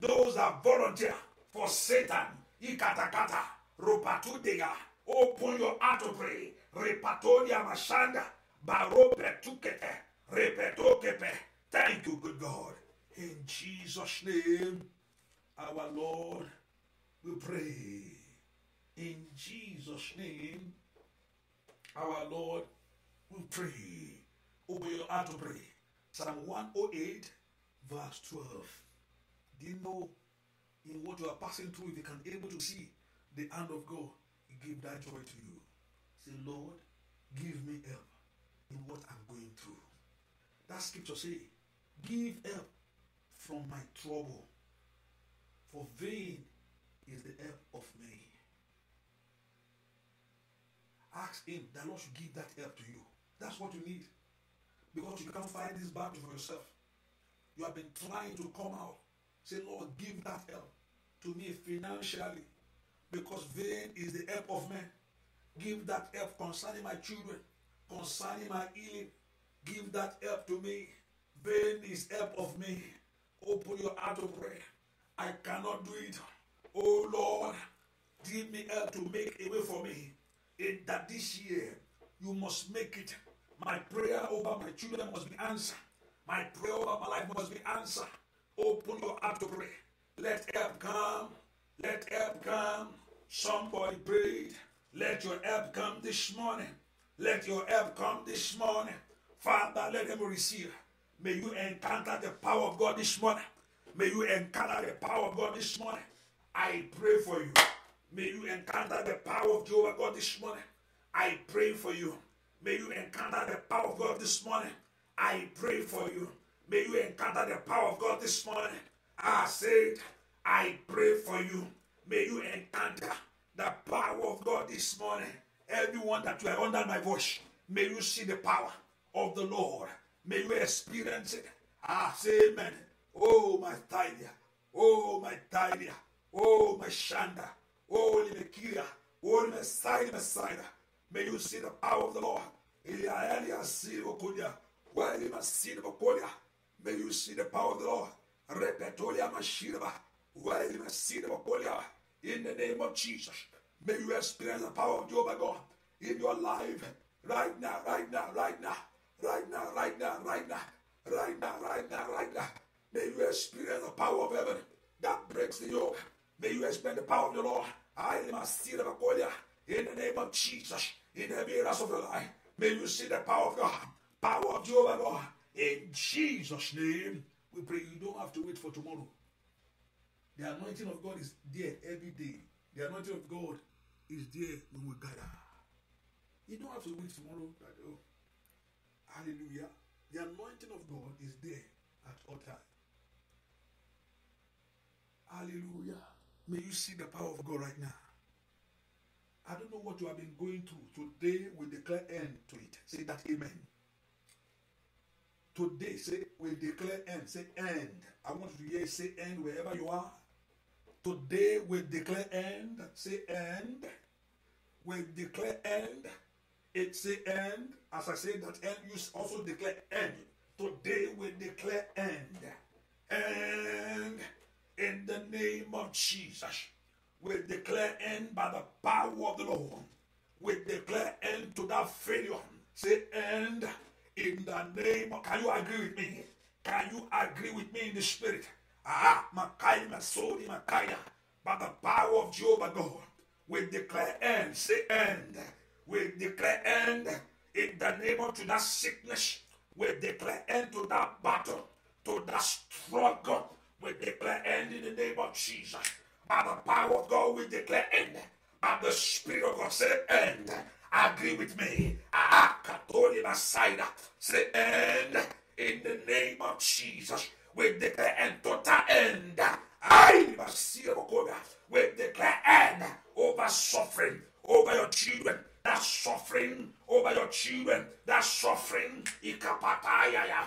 those that volunteer for Satan, ikatakata, open your heart to pray. Repatoria mashanda, baropetukete, repetokepe. Thank you, good God. In Jesus' name, our Lord, we pray. In Jesus' name, our Lord, we pray. Obey your heart to pray. Psalm 108, verse 12. Do you know in what you are passing through, if you can able to see the hand of God, give that joy to you. Say, Lord, give me help in what I'm going through. That scripture say, give help from my trouble, for vain is the help of man. Ask Him that Lord should give that help to you. That's what you need. Because you can't fight this battle for yourself. You have been trying to come out. Say, Lord, give that help to me financially. Because vain is the help of men. Give that help concerning my children, concerning my healing. Give that help to me. Vain is help of me. Open your heart to prayer. I cannot do it. Oh Lord, give me help to make a way for me. that this year you must make it. My prayer over my children must be answered. My prayer over my life must be answered. Open your heart to pray. Let help come. Let help come. Somebody prayed. Let your help come this morning. Let your help come this morning. Father, let them receive. May you encounter the power of God this morning. May you encounter the power of God this morning. I pray for you. May you encounter the power of Jehovah God this morning. I pray for you. May you encounter the power of God this morning. I pray for you. May you encounter the power of God this morning. I said, I pray for you. May you encounter the power of God this morning. Everyone that you are under my voice, may you see the power of the Lord. May you experience it. I say, Amen. Oh, my Thalia. Oh, my Thalia. Oh, my Shanda. Oh, limekira. Oh, limesai, limesaidia. May you see the power of the Lord. Iliaeli asiri wakunya. Wali masiri wakunya. May you see the power of the Lord. Repetolia mashiraba. Wali masiri wakunya. In the name of Jesus. May you experience the power of Jehovah God in your life right now, right now, right now, right now, right now, right now, right now, right now, right now. May you experience the power of heaven that breaks the yoke. May you experience the power of the Lord I must In the name of Jesus, in the mirrors of your life, may you see the power of God, power of Jehovah God. In Jesus' name, we pray you don't have to wait for tomorrow. The anointing of God is there every day. The anointing of God is there when we gather. You don't have to wait tomorrow. That, oh, hallelujah. The anointing of God is there at all times. Hallelujah. May you see the power of God right now. I don't know what you have been going through. Today we declare end to it. Say that amen. Today, say we declare end. Say end. I want you to hear say end wherever you are. Today we declare end. Say end. We declare end. It say end. As I say that end, you also declare end. Today we declare end. End. in the name of Jesus. We declare end by the power of the Lord. We declare end to that failure. Say end in the name of. Can you agree with me? Can you agree with me in the spirit? Ah, Makai, my Makaya. By the power of Jehovah God, we declare end. Say end. We declare end in the name of to that sickness. We declare end to that battle, to that struggle. We declare end in the name of Jesus. By the power of God, we declare end. By the Spirit of God, say end. Agree with me. Akatori ah, Messiah, say end. In the name of Jesus, we declare end. Total end. I We declare end over suffering, over your children. That suffering over your children, that suffering, ikapataya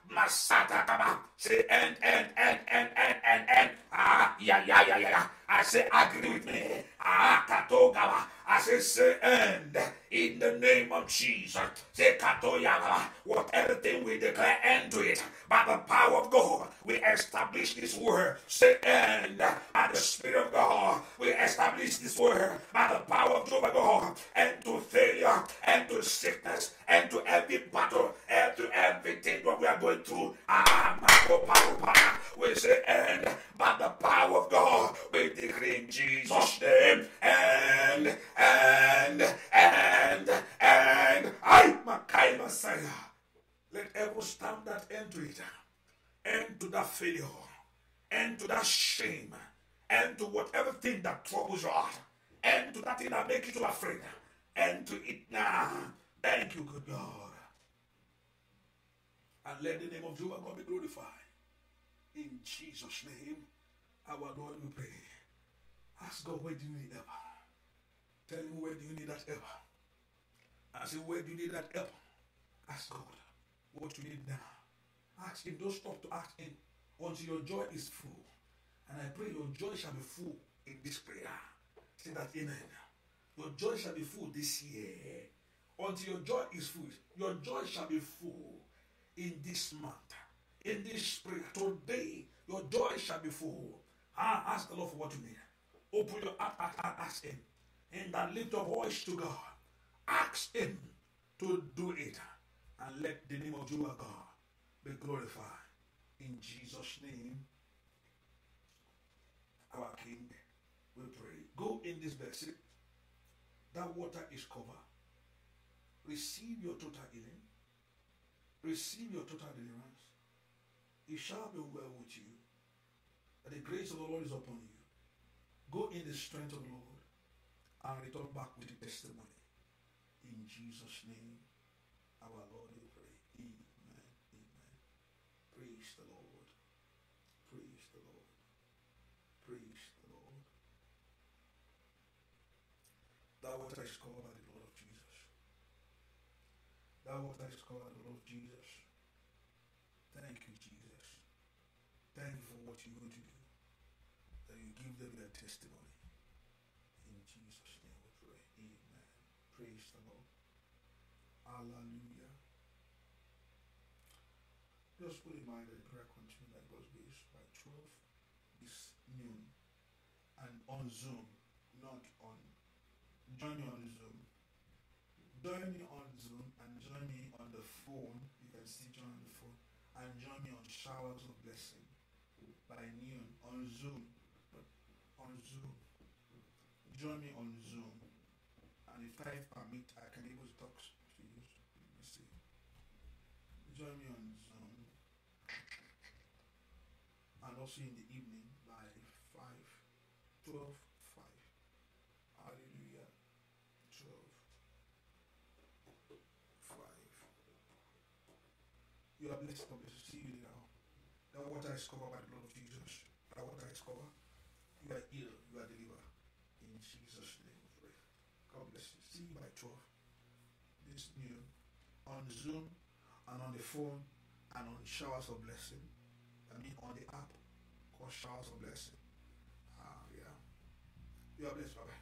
Masata kaba. Say end, end, end, end, end, end, end. Ah, yeah, yeah, yeah, yeah. I say agree with me. Ah, kato gaba. I say say end in the name of Jesus. Say kato yagaba. What everything we declare end to it. By the power of God, we establish this word. Say end by the Spirit of God. We establish this word by the power of Jehovah God. End to failure, end to sickness, end to every battle, end to everything that we are going to power, power, was the end by the power of God. We decree in Jesus' name. And, and, and, and. I, kind Messiah. Let every that end to it. End to that failure. End to that shame. End to whatever thing that troubles your heart. End to that thing that makes you afraid. End to it now. Thank you, good Lord. And let the name of Jehovah God be glorified. In Jesus' name, our Lord, we pray. Ask God, where do you need help? Tell him, where do you need that help? Ask him, where do you need that help? Ask God what you need now. Ask him, don't stop to ask him until your joy is full. And I pray your joy shall be full in this prayer. Say that, Amen. Your joy shall be full this year. Until your joy is full, your joy shall be full in this month, in this spring. Today, your joy shall be full. Ah, ask the Lord for what you need. Open your heart and ask Him. And then lift your voice to God. Ask Him to do it. And let the name of Jehovah God be glorified. In Jesus' name, our King, we pray. Go in this blessing. That water is covered. Receive your total healing receive your total deliverance. It shall be well with you. And the grace of the Lord is upon you. Go in the strength of the Lord and return back with the testimony. In Jesus' name, our Lord, we pray. Amen. Amen. Praise the Lord. Praise the Lord. Praise the Lord. That water is called was thanks God, I love Jesus. Thank you, Jesus. Thank you for what you're going to do. That you give them their testimony. In Jesus' name we pray. Amen. Praise the Lord. Hallelujah. Just put in mind that the prayer continues by God's is by 12 this noon and on Zoom, not on. Join me on Zoom. Join me on join me on Showers of Blessing by noon on Zoom. On Zoom. Join me on Zoom. And if time permit, I can able to talk to you. Let me see. Join me on Zoom. And also in the Discover by the blood of Jesus. That was thy discover. You are healed. You are delivered. In Jesus' name we pray. God bless you. See you by 12. This new on Zoom and on the phone and on showers of blessing. I mean on the app called showers of blessing. Ah, yeah. You are blessed. Bye bye.